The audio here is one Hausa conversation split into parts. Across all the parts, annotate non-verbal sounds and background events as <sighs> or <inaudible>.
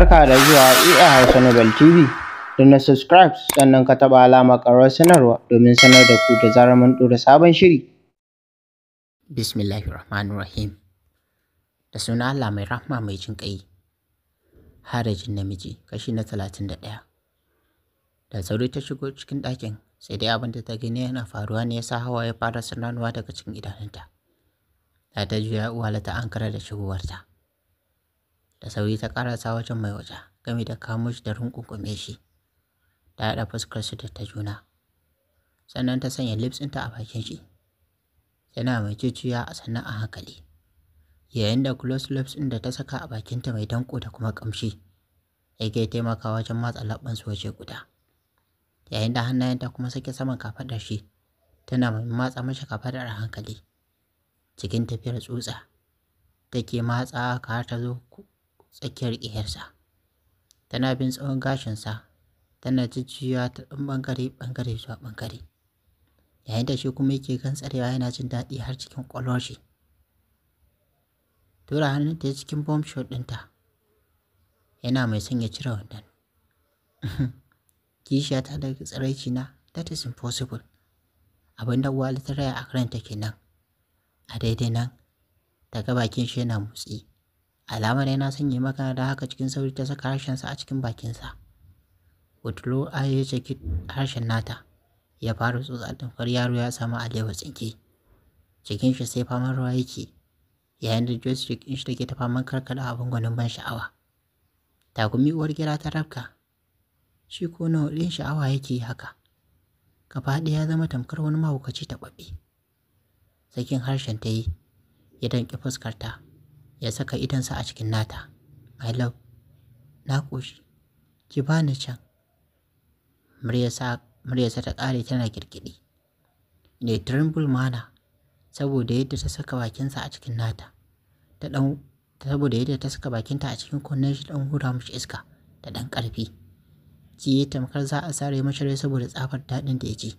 Barka da zuwa EA Hausa Nobel TV. Da na subscribe sannan ka taɓa alama ƙarar sanarwa domin sanar da ku da zarar mun dora sabon shiri. rahim Da suna Allah mai rahma mai jin ƙai. Harajin namiji kashi na talatin da ɗaya. Da sauri ta shigo cikin ɗakin sai dai abin da ta gani yana faruwa ne ya sa hawa ya fara sanarwa daga cikin idanunta. Ta ta juya uhala ta ankara da shigowarta. da sauri ta ƙarasa wajen mai waja game da kamo shi da rungungume shi ta yada fuskar su ta juna sannan ta sanya lips a bakin shi yana mai cuciya a sannan a hankali yayin da close lips ɗin da ta saka a bakinta mai danko da kuma ƙamshi yake taimaka wajen matsa labban su waje guda yayin da hannayenta kuma sake saman kafadar shi tana mai matsa mashi kafaɗar a hankali cikin tafiyar tsutsa take matsa ka ta zo tsakiyar ƙeyarsa. Tana bin tsawon gashinsa tana jijjiya ta ɗan ɓangare ɓangare zuwa ɓangare. Yayin da shi kuma yake tsarewa, yana jin daɗi har cikin ƙwallon shi. Tura hannunta ya cikin bom shot ɗinta. Yana mai son ya cire wannan. <laughs> Kishiya ta daga tsiraici na that is impossible. Abin da Wali ta raya a ke kenan. A daidai nan, daga bakin shi yana motsi. Alamar yana son sanya magana da haka cikin sauri ta saka harshen sa a cikin bakinsa. Wutulu Aya ya ceki harshen nata, ya fara tsotsa tamkar yaro ya samu alewa tsinke. Cikin shi sai faman ruwa yake, yayin da Joyce cikin shi take ta faman karkada abin gwanin ban sha'awa. Takumi uwar gida ta rabka, shi ko nawa ɗin sha'awa yake haka. Gaba ɗaya ya zama tamkar wani mahaukaci taɓaɓɓe. Sakin harshen ta yi, ya danƙi fuskarta. ya saka idansa a cikin nata my love na ƙoshi ki bani can muryarsa ta ƙare tana kirkiɗi ne tremble mana saboda yadda ta saka bakinsa a cikin nata ta ɗan saboda yadda ta saka bakinta a cikin kunnen shi ɗan hura mishi iska da ɗan ƙarfi Ki yi tamkar za a sare mashi rai saboda tsafar daɗin da ya ji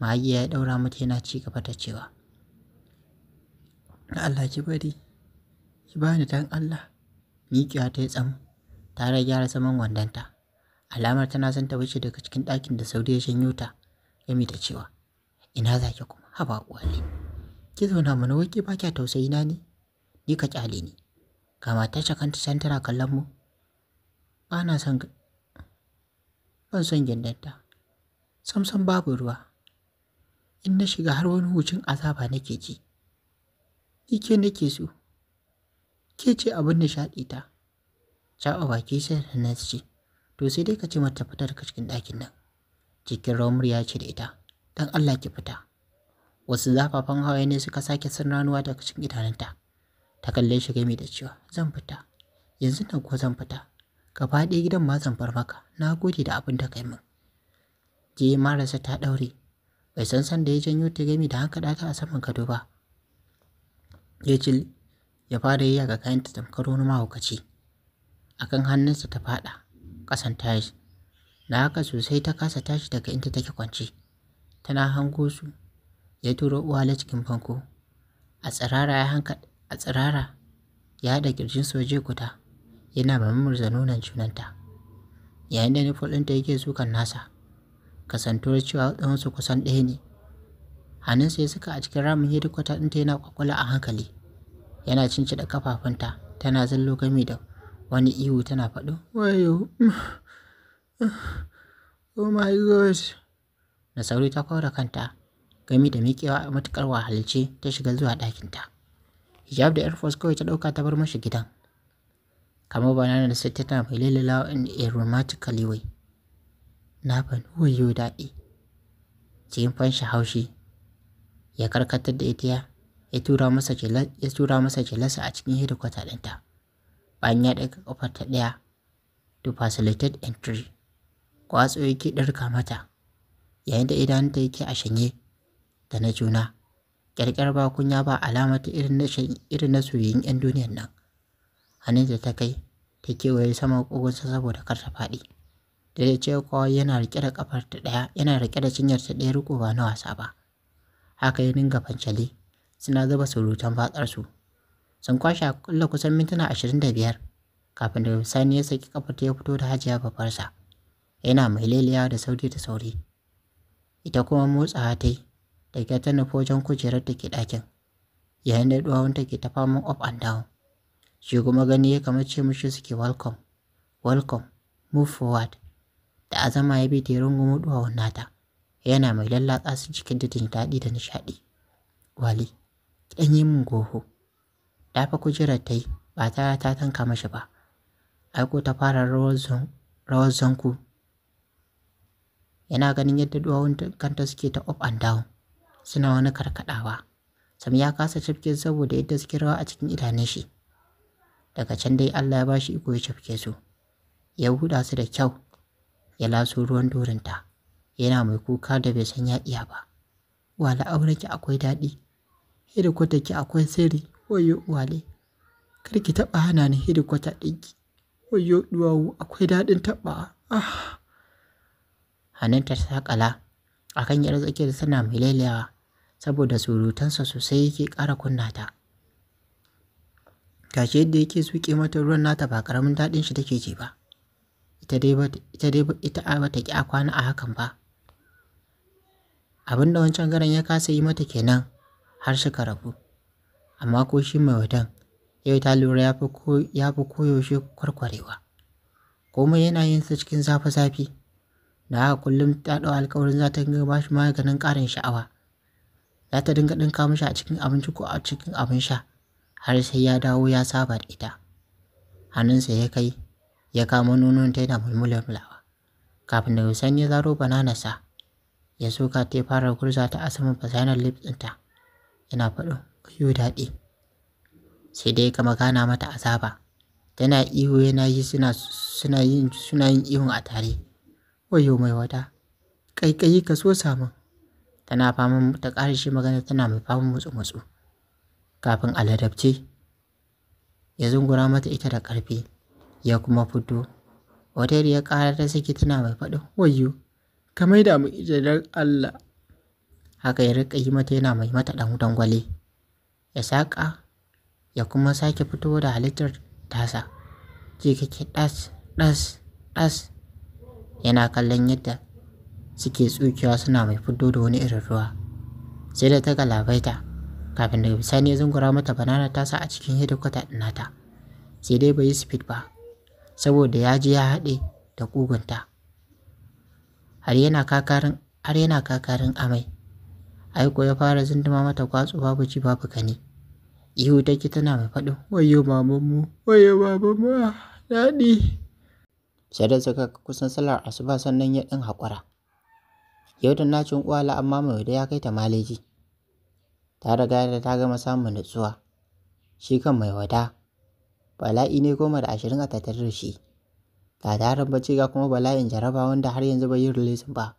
magiya ya ɗaura mata yana ci gaba da cewa Allah ki bari ki bani dan Allah. Mikiya ta yi tsam rage gyara zaman wandonta. Alamar tana son ta wuce daga cikin ɗakin da Saude ya shanyo ta. Gami da cewa ina za kuma haba uwani. Ki zauna mana wai ki ba kya tausayi na ne? Ni ka kyale ni. Ga matarsa kanta can tana kallon mu. Ba na son ban son gindanta. Samsam babu ruwa. In na shiga har wani hucin azaba nake ji. Ike nake so. ke ce abin nishaɗi ta caɓa baki sai na ce to sai dai ka ce mata fita daga cikin ɗakin nan cikin ramur murya ce da ita don Allah ki fita wasu zafafan hawaye ne suka sake san ranuwa daga cikin idanunta ta kalle shi gami da cewa zan fita yanzu nan ko zan fita ka faɗi gidan ma zan far maka na gode da abin da kai min je marasa ta ɗaure bai san san da ya janyo ta gami da hankali ta a saman gado ba ya ya fara yi ga kayanta tamkar wani mahaukaci akan hannunsa ta faɗa Kasan tayis Na haka sosai ta kasa tashi daga inda take kwance tana hango su ya turo la cikin fanko a tsirara ya hanka a tsirara ya da kirjin soje kuta yana mamurza nonon junanta yayin da nufo ɗinta yake sukan nasa kasantuwar cewa tsawonsu kusan ɗaya ne hannunsa ya saka a cikin ramin hedikwata ɗinta yana kwakwala a hankali yana cincida ta, tana zallo gami da wani ihu tana faɗo. wayo <sighs> oh my god Na sauri ta kawar kanta gami da miƙewa a matuƙar wahalce ta shiga zuwa ɗakinta hijab da air force kawai ta ɗauka ta bar mashi gidan kamar banana da sai tana mai lalalawa in a romantic na ban wayo daɗi cikin fanshi haushi ya karkatar da ita ya tura masa ya a cikin hedikwata ɗinta bayan ya ɗaga ƙafar ta ɗaya to facilitate entry kwatso yake ɗarka mata yayin da idanunta yake a shanye da na juna ƙyarƙyar ba kunya ba alama ta irin na soyayyen 'yan duniyar nan hannun da ta kai ta kewaye saman ƙugunsa saboda kar ta faɗi da ya ce kawai yana riƙe da ƙafar ta ɗaya yana riƙe da cinyar ta ɗaya riko ba na wasa ba haka ya ninga fancale suna zuba surutan fatsarsu. Sun kwashe kulla kusan mintuna ashirin da biyar kafin da Sani ya saki ta ya fito da hajiya babbarsa. Yana mai leliya da sauri da sauri. Ita kuma motsawa ta yi da ke ta nufo wajen kujerar da ke ɗakin. Yayin da ta ke ta faman up and down. Shi kuma gani ya kamar ce mushi suke welcome, welcome, move forward. Da azama ya bi ta rungumo duwawan nata. Yana mai lallaka su cikin dadin daɗi da nishaɗi. Wali. ƙin yi min goho. Dafa kujerar ta yi ba tare ta tanka mashi ba. Aiko ta fara rawar zanku. Yana ganin yadda duwawun kanta suke ta up and down suna wani karkadawa. Sam ya kasa cafke saboda yadda suke rawa a cikin idanun shi. Daga can dai Allah ya bashi iko ya cifke su. Ya huda su da kyau ya laso ruwan dorinta. Yana mai kuka da bai san ya iya ba. Wala ki akwai daɗi. hedikwata ki akwai sirri wayyo uwale kar ki taɓa hana ni hedikwata ɗinki wayyo duwawu akwai daɗin taɓa ah hannunta ta sakala a kan yar tsakiyar sana mai lailayawa saboda surutansa sosai yake ƙara kunna ta kashe yadda yake suke mata ruwan nata ba karamin daɗin shi take ji ba ita dai ba ita dai ita ba ta a kwana a hakan ba abinda wancan garan ya kasa yi mata kenan har suka rabu. Amma ko shi mai wadan yau ta lura ya fi koyaushe kwarkwarewa. Komai yana yin sa cikin zafi-zafi. Da haka kullum ta ɗau alkawarin za ta dinga ba shi maganin ƙarin sha'awa. Za ta dinga ɗinka mishi a cikin abinci ko a cikin abin sha har sai ya dawo ya saba da ita. Hannunsa ya kai ya kama nonon ta yana mulawa Kafin da bisani ya zaro bananarsa ya soka ta ya fara gurza ta a saman fasanar lips ɗinta. yana faɗin oyo daɗi sai dai kama gana mata azaba tana ihu yana yi suna yin suna yin ihun a tare wayo mai wata ƙaiƙayi ka so samu tana fama ta ƙara shi magana tana mai fama mutsu mutsu kafin aladabce ya zungura mata ita da ƙarfi ya kuma fito wata ya ƙara ta saki tana mai faɗin wayo ka maida mu ita Allah haka ya riƙa yi mata yana mai mata ɗan dangwale ya saƙa ya kuma sake fito da halittar tasa ji kake ɗas ɗas ɗas yana kallon yadda suke tsukewa suna mai fito da wani irin ruwa sai da ta galabaita kafin da bisani ya zungura mata banana tasa a cikin hidikwata nata sai dai bai yi speed ba saboda ya ji ya haɗe da ƙugunta har har yana kakarin amai Aiko ya fara zinduma mata kwatsu babu ci babu kani. Ihu take tana mai faɗin wayo mamanmu, wayo mamanmu, ah, daɗi. Sai da suka kusan sallar asuba sannan ya ɗin haƙura. Yau da nacin uwala amma mai da ya kai ta maleji. Ta riga da ta gama samun nutsuwa. Shi kan mai wada. Bala'i ne goma da ashirin a tattare da shi. Ga tarin bacci ga kuma bala'in jaraba wanda har yanzu bai yi rilisin ba.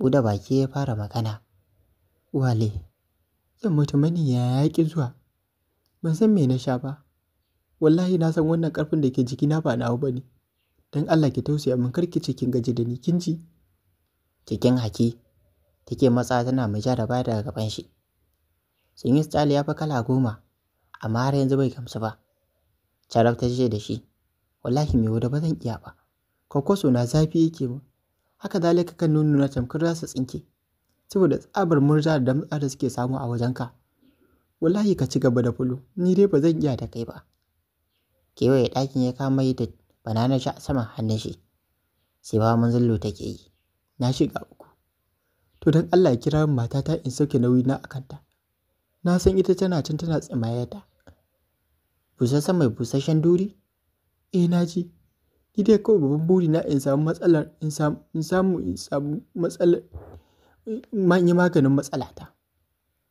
buɗe baki ya fara magana. Wale, yan mutumani ya yaƙi zuwa. Ban san me na sha ba. Wallahi na san wannan ƙarfin da ke jikina ba nawa ba ne. Don Allah ki tausaya min kar ki ce kin gaji da ni kin ji. Cikin haki take matsa tana mai ja da baya daga gaban shi. Sun yi tsali ya fi kala goma amma har yanzu bai gamsu ba. Charab ta ce da shi, wallahi me wuda ba zan iya ba. Kwakwaso na zafi yake ba. haka zalika kan nuna tamkar za su tsinke saboda tsabar murza da damtsa da suke samu a wajenka wallahi ka ci gaba da fulu ni dai ba zan iya da kai ba kewaye ɗakin ya kama yi da banana shi a saman hannun shi sai ba manzallo take yi na shiga uku to don Allah ya kira matata in sauke nauyi na akanta na san ita tana can tana tsimayata busassan mai busasshen duri eh na Ni dai kawai babban na in samu matsalar, in samu, in samu, matsalar, manyan maganin matsalata.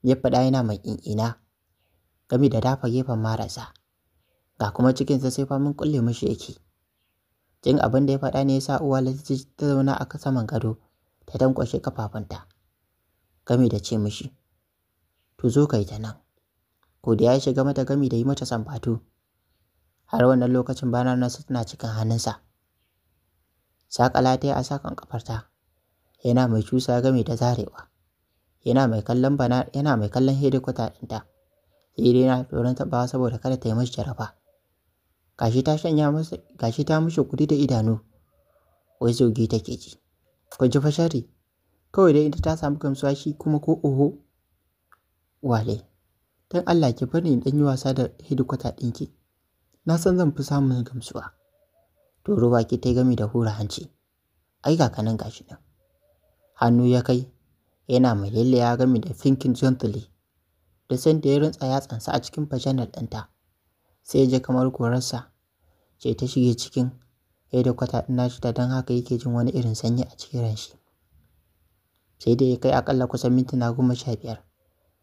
Ya faɗa yana mai ƙinƙina gami da dafa gefen marasa. Ga kuma cikinsa sai faman kulle mashi yake. Jin abin da ya faɗa ne ya sa uwa ta zauna a saman gado ta tankwashe kafafunta gami da ce mashi. to zo kai ta nan. Ko da ya shiga mata gami da yi mata sambatu. har wannan lokacin bana nan tana cikin hannunsa. Saƙala ta yi a sakan ƙafarta, yana mai cusa game da zarewa, yana mai kallon bana yana mai kallon hedikwata ɗinta, sai dai na tsoron taɓawa saboda kada ta yi mashi jaraba. Gashi ta shanya masa gashi ta mishi kuɗi da idanu, wai zogi take ji. Kun ji fa kawai dai ita ta samu gamsuwa shi kuma ko oho. Wale, don Allah ki bari dan ɗan yi wasa da hedikwata ɗinki. na san zan fi samun gamsuwa. Turo baki ta gami da hura hanci, ai kakanin gashi nan. Hannu ya kai, yana mai lalle ya gami da finkin gently, da sanda ya rintsa tsansa a cikin fashanar ɗanta, sai ya kamar korarsa ce ta shige cikin ya da kwata ɗina nashi da don haka yake jin wani irin sanyi a cikin ranshi. Sai da ya kai akalla kusan mintuna goma sha biyar,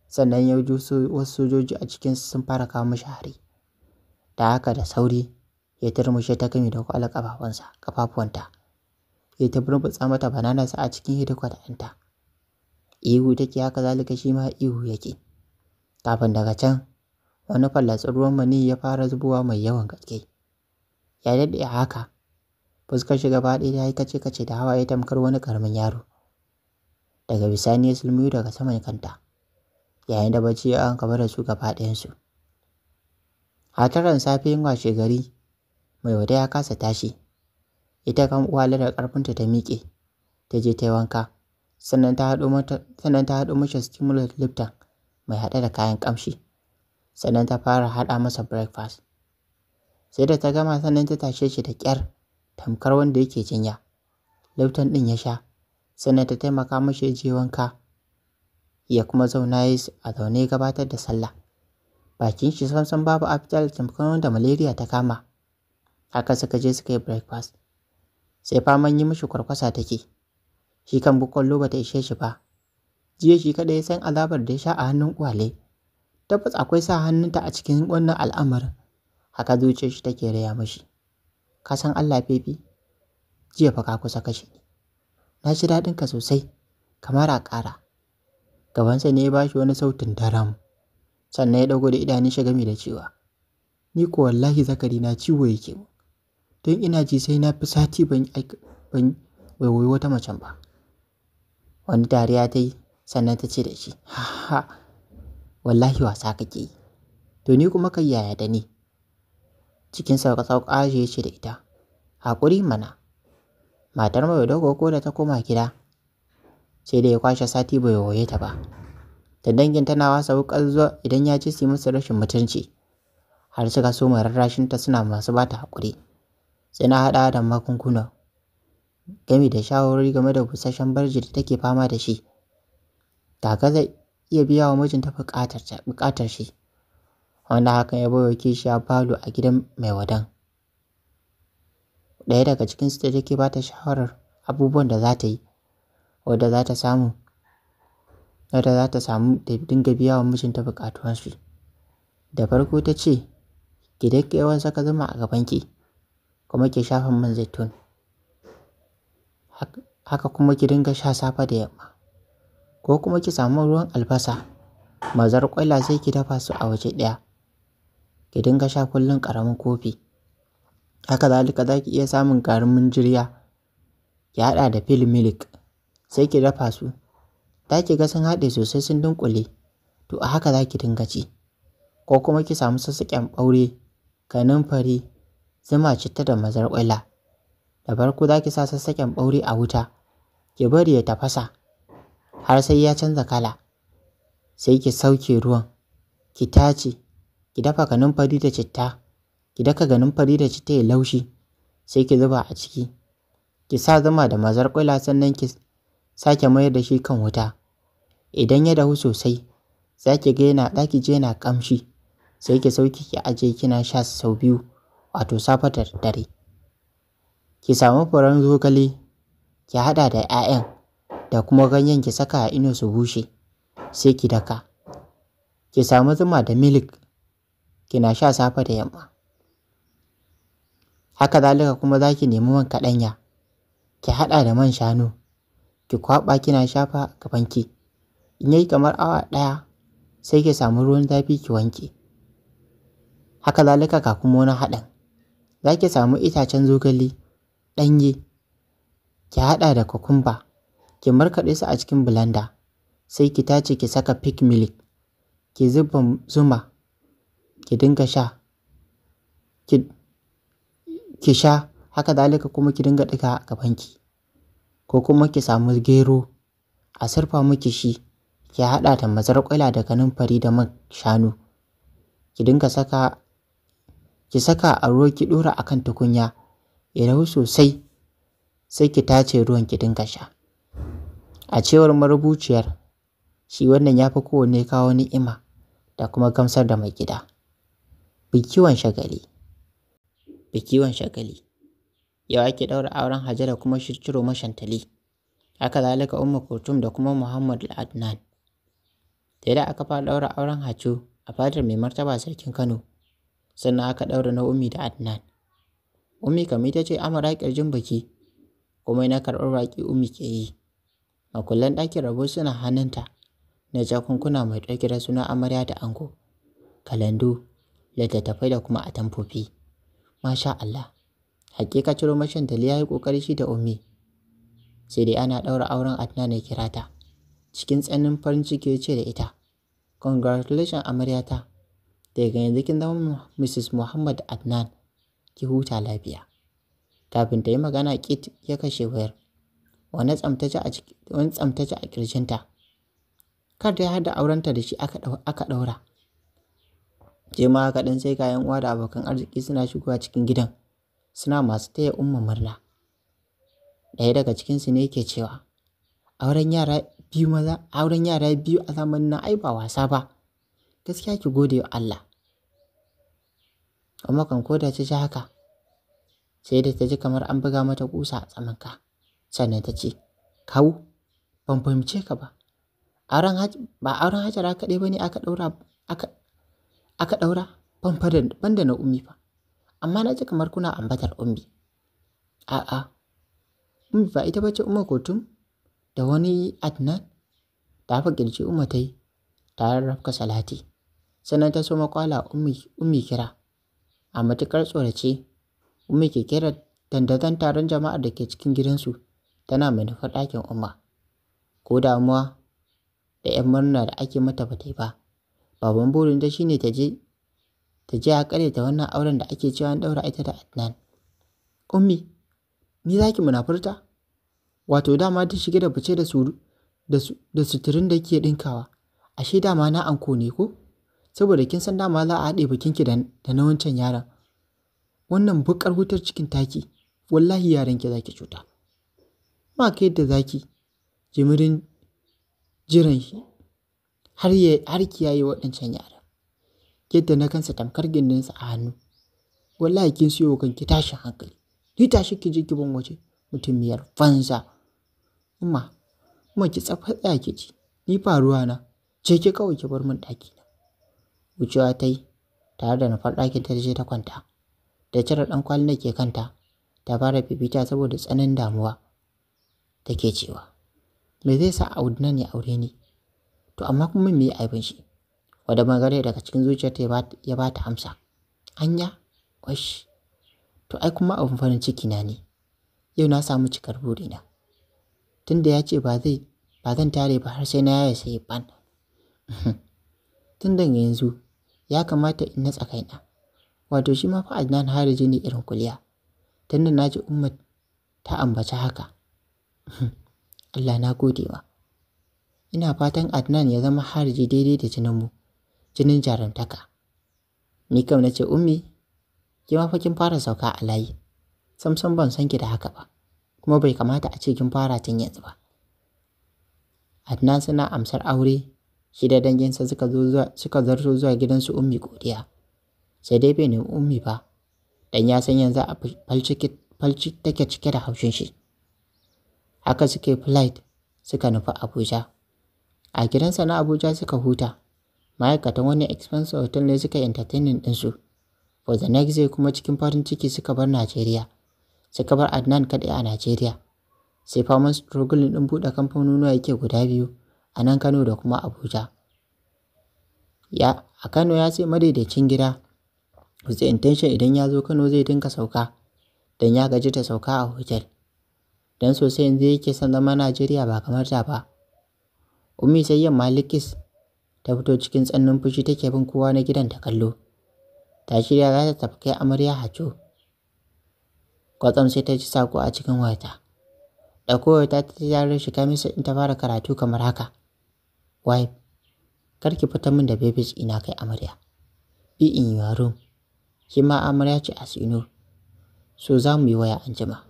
sannan ya wasu sojoji a cikinsu sun fara kawo mashi hari. da haka da sauri ya turmushe ta gami da kwalar ƙafafunsa ƙafafuwanta ya ta burbutsa mata bananarsa a cikin da anta ihu take haka zalika shi ma ihu yake kafin daga can wani fallatsin ruwan mani ya fara zubowa mai yawan gaske ya daɗe a haka fuskar shi gaba ɗaya ta yi kace kace da hawa ya tamkar wani karamin yaro daga bisani ya sulmiyu daga saman kanta yayin da bacci ya an kaba da su gaba ɗayansu A washe gari mai wata ya kasa tashi. Ita kan uwa ladar ƙarfinta ta miƙe, ta je ta yi wanka, sannan ta haɗo mashi stimulant lifta mai haɗe da kayan ƙamshi, sannan ta fara haɗa masa breakfast. Sai da ta gama sannan ta tashe shi da ƙyar tamkar wanda yake jinya. Lipton ɗin ya sha, sannan ta taimaka mashi ya je wanka ya kuma zauna ya a zaune gabatar da sallah. bakin shi sansan babu aftal tamkar da malaria ta kama haka suka je suka yi breakfast sai faman yi mishi kwarkwasa take shi kan loba bata ishe shi ba jiya shi kaɗai ya san azabar da ya sha a hannun kwale tabbas akwai sa hannunta a cikin wannan al'amarin haka zuciyar shi take raya mishi ka san Allah fefi jiya fa ka kusa kashe na shi daɗin ka sosai kamar a ƙara gabansa ne ya bashi wani sautin daram sannan ya ɗago da idanun shi game da cewa ni ko wallahi zakari na ciwo yake mu don ina ji sai na fi sati ban ban wai wata macen ba wani dariya ta yi sannan ta ce da shi ha wallahi wasa kake yi to ni kuma kai yaya da ni cikin sauka sauka ya ce da ita haƙuri mana matar mai dogo ko da ta koma gida sai da ya kwashe sati bai waye ta ba da dangin tana wasa wukar zuwa idan ya ce su masa rashin mutunci har suka so mai rarrashinta suna masu ba ta haƙuri sai na haɗa da magunguna gami da shawarwari game da busasshen barji da take fama da shi ka zai iya biya wa mijinta buƙatar shi wanda hakan ya baiwa kishiya falo a gidan mai wadan ɗaya daga cikin su da take ba ta shawarar abubuwan da za ta yi wadda za ta samu yadda za ta samu da dinga biya wa mijinta buƙatunsu. Da farko ta ce, ki dake yawan saka zuma a gabanki kuma ki shafa man zaitun. Haka kuma ki dinga sha safe da yamma. Ko kuma ki samu ruwan albasa, Mazar kwaila sai ki dafa su a waje ɗaya. Ki dinga sha kullum ƙaramin kofi. Haka zalika za ki iya samun garin jirya? ki haɗa da fil milik sai ki dafa su ta ki ga sun haɗe sosai sun dunƙule to a haka za ki dinga ci ko kuma ki samu sassaƙen ɓaure kanumfari zuma citta da mazarƙwaila da farko za ki sa sassaƙen ɓaure a wuta ki bari ya tafasa har sai ya canza kala sai ki sauke ruwan ki tace ki dafa kanumfari da citta ki daka kanumfari da citta ya laushi sai ki zuba a ciki ki sa zuma da mazarƙwaila sannan ki sake mayar da shi kan wuta. Idan ya dahu sosai, za ki ga yana ɗaki je yana ƙamshi, sai ki sauki ki aje kina sha sau biyu, wato safe da dare. Ki samu furen zogale, ki haɗa da 'ya'yan da kuma ganyen ki saka a ino su bushe, sai ki daka. Ki samu zuma da milik, kina sha safe da yamma. Haka zalika kuma za ki nemi man kaɗanya, ki haɗa da man shanu, ki kwaba kina shafa gabanki in yayi kamar awa ɗaya sai ki samu ruwan zafi ki wanke haka ka kafin wani haɗin zaki samu itacen zogale ɗanye ki haɗa da kokumba ki markaɗe su a cikin blender sai ki tace ki saka pick milk ki zuba zuma ki dinga sha ki, sha haka zalika kuma ki dinga ɗiga gabanki ko kuma ki samu gero a surfa miki shi ki haɗa da mazarƙwaila da kanumfari da man shanu ki dinga saka ki saka a ruwa ki ɗora a kan tukunya ya rahu sosai sai ki tace ruwan ki dinga sha a cewar marubuciyar shi wannan ya fi kowanne kawo ni'ima da kuma gamsar da mai gida. bikiwan shagali. bikiwan shagali. yau ake ɗaura auren Hajara kuma Shirciro mashantali. Haka zalika Umma Kultum da kuma Muhammad Adnan. Da yadda aka fara ɗaura auren Hacu a fadar mai martaba sarkin Kano, sannan aka ɗaura na Umi da Adnan. Umi kam ita ce amara ƙirjin biki, kuma na karɓar baƙi umi ke yi. Makullan ɗakin rabo suna hannunta na jakunkuna mai ɗauke da suna amarya da ango, kalandu, littattafai da kuma atamfofi. Masha Allah. Hakika ciro mashin da ya yi ƙoƙari shi da ummi. Sai dai ana ɗaura auren Adnan ya kirata. Cikin tsanin farin ciki ya ce da ita. Congratulations amaryata. Daga yanzu kin zama Mrs. Muhammad Adnan. Ki huta lafiya. Kafin ta yi magana Kit ya kashe wayar. Wani tsamtace a kirjinta. Kar da har da aurenta da shi aka ɗaura. Jema kaɗan sai kayan uwa da abokan arziki suna shigowa cikin gidan. suna masu taya umma murna. Ɗaya daga cikinsu ne yake cewa, auren yara biyu maza, auren yara biyu a zamanin nan ai ba wasa ba. Gaskiya ki gode wa Allah. amma kan ko da ta haka, sai da ta ji kamar an buga mata kusa a tsamanka. Sannan ta ce, kawo ban fahimce ka ba. Auren ba auren hajara kaɗai ba ne aka ɗaura aka aka ɗaura ban da na umi ba. amma na ji kamar kuna ambatar ummi a'a ummi ba ita bace umma kotum da wani adnan ta fa kirci umma ta yi ta rafka salati sannan ta so makwala ummi kira a matukar tsorace ummi ke kira dandazon taron jama'ar da ke cikin gidansu tana manufar ɗakin umma ko damuwa da 'yan murna da ake mata ba ta yi ba babban burin ta shine ta je ta je a ta wannan auren da ake cewa an ɗaura ita da Adnan. Ummi, ni za ki munafurta? Wato dama ta shige da fice da su da suturin da ke ɗinkawa, ashe dama na anko ne ko? Saboda kin san dama za a haɗe bikinki da na wancan yaran Wannan bukar wutar cikin taki, wallahi yaran ki ki cuta. Ma ka yadda zaki jimirin jiran shi har ki yayi waɗancan yaran. yadda na kansa tamkar gindinsa a hannu wallahi kin siyo kanki tashin hankali ni tashi ki je ki ban waje mutumiyar fanza amma Kuma ki tsafa tsaya ki ci ni fa ruwa na ce ki kawai ki bar min ɗaki na wucewa ta yi tare da nufar ɗakin ta je ta kwanta da cire ɗan kwali da ke kanta ta fara fifita saboda tsananin damuwa take cewa me zai sa auduna ne aure ni to amma kuma me yi aibin shi wadda bangare daga cikin zuciyarta ya ba ta amsa. Anya? wash To ai kuma abin farin ciki na ne. Yau na samu cikar burina. Tunda ya ce ba zai ba zan tare ba har sai na yaya sai ban. <laughs> Tun yanzu ya kamata in na kaina. Wato shi ma fa Adnan Hariji ne irin kuliya. Tunda na ji Umma ta ambaci haka. <laughs> Allah na gode ma. Ina fatan Adnan ya zama hariji daidai da jininmu. jinin jarumtaka ni kam na ce ummi ki ma fara sauka a layi samsam ban san ki da haka ba kuma bai kamata a ce kin fara tun yanzu ba Adnan suna amsar aure shi da danginsa suka zo zuwa suka zarto zuwa gidansu ummi godiya sai dai bai nemi ummi ba dan ya san yanzu a falci take cike da haushin shi haka suke flight suka nufi Abuja a gidansa na Abuja suka huta ma'aikatan wani expensive hotel ne suka entertaining ɗinsu. For the next day kuma cikin farin ciki suka bar Najeriya. Suka bar Adnan kaɗai a Najeriya. Sai faman struggling ɗin buɗe kamfanonuwa yake guda biyu a nan Kano da kuma Abuja. Ya, a Kano ya sai madaidaicin gida with the intention idan ya zo Kano zai dinka sauka dan ya gaji ta sauka a hotel. dan sosai yanzu yake son zama Najeriya ba kamar ta ba. Umi sai yamma likis ta fito cikin tsannin fushi take bin kowa na gidan ta kallo ta shirya za ta tafi kai amarya haco kwatsam sai ta ci sako a cikin wayata ɗauko wayata ta ji yaran shiga misa in ta fara karatu kamar haka Wai. kar ki fita min da babies ina kai amarya be in your room ki ma amarya ce as you so za mu yi waya an jima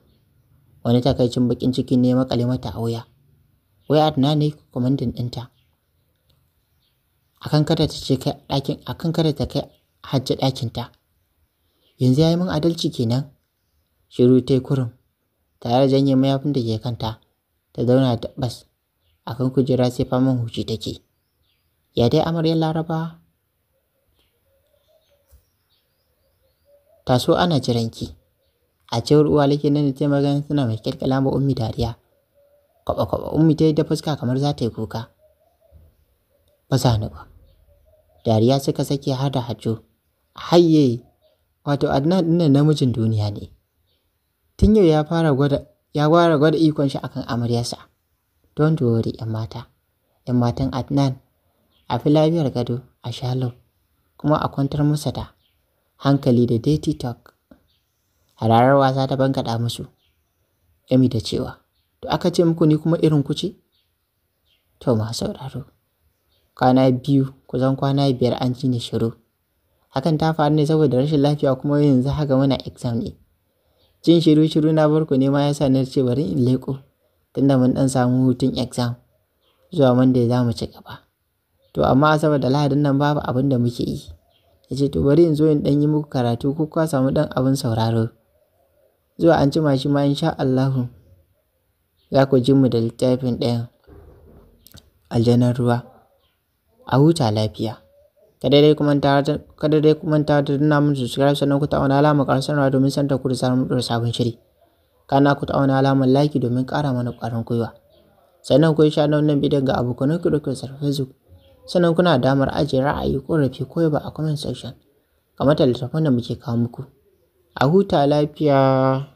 wani takaicin bakin ciki ne makale mata a wuya wai adna ne kwamandan ɗinta akan kada ta ce kai ɗakin akan kada ta kai hajji ta yanzu ya yi min adalci kenan shiru ta yi kurum tare da janye mayafin da ke kanta ta zauna ta bas akan kujera sai faman huci take ya dai amaryar laraba so ana jiranki a cewar uwa lake nan da ta magana suna mai kyalkyala ba ummi dariya kwaba kwaba ummi ta yi da fuska kamar za ta yi kuka ba za ni ba dariya suka sake har da hajjo hayye wato adnan ɗinnan namijin duniya ne tun yau ya fara gwada ya gwara gwada ikon shi akan amaryarsa don dori yan mata yan matan adnan a fi lafiyar gado a shalom kuma a kwantar musa da hankali da daity talk hararar wasa ta bankaɗa musu yami da cewa to aka ce muku ni kuma irin ku ce to ma sauraro kwana biyu kusan kwana biyar an ji ni shiru. Hakan ta faru ne saboda rashin lafiya kuma yanzu haka muna exam ne. Cin shiru shiru na barku ne ma ya sa na ce bari in leku, tunda mun ɗan samu hutun exam zuwa Monday za mu ci gaba. To amma saboda Lahadin nan babu abin da muke yi. yace ce to bari in zo in dan yi muku karatu ko kuwa samu dan abin sauraro. Zuwa an ci shi ma in sha Allahu za ku ji mu da littafin ɗayan aljanar ruwa. a huta lafiya. Kada dai kuma ta kada dai manta da nuna mun subscribe sannan ku ta'auna alamar ƙarar sanarwa domin santa ku da samun dora sabon shiri. Kana ku ta'auna alamar like domin kara mana ƙwarin gwiwa. Sannan ku yi na wannan bidiyon ga abokan ku da ku Facebook. Sannan kuna da damar ajiye ra'ayi ko rafi ko yaba a comment section. Kamar ta littafin da muke kawo muku. A huta lafiya.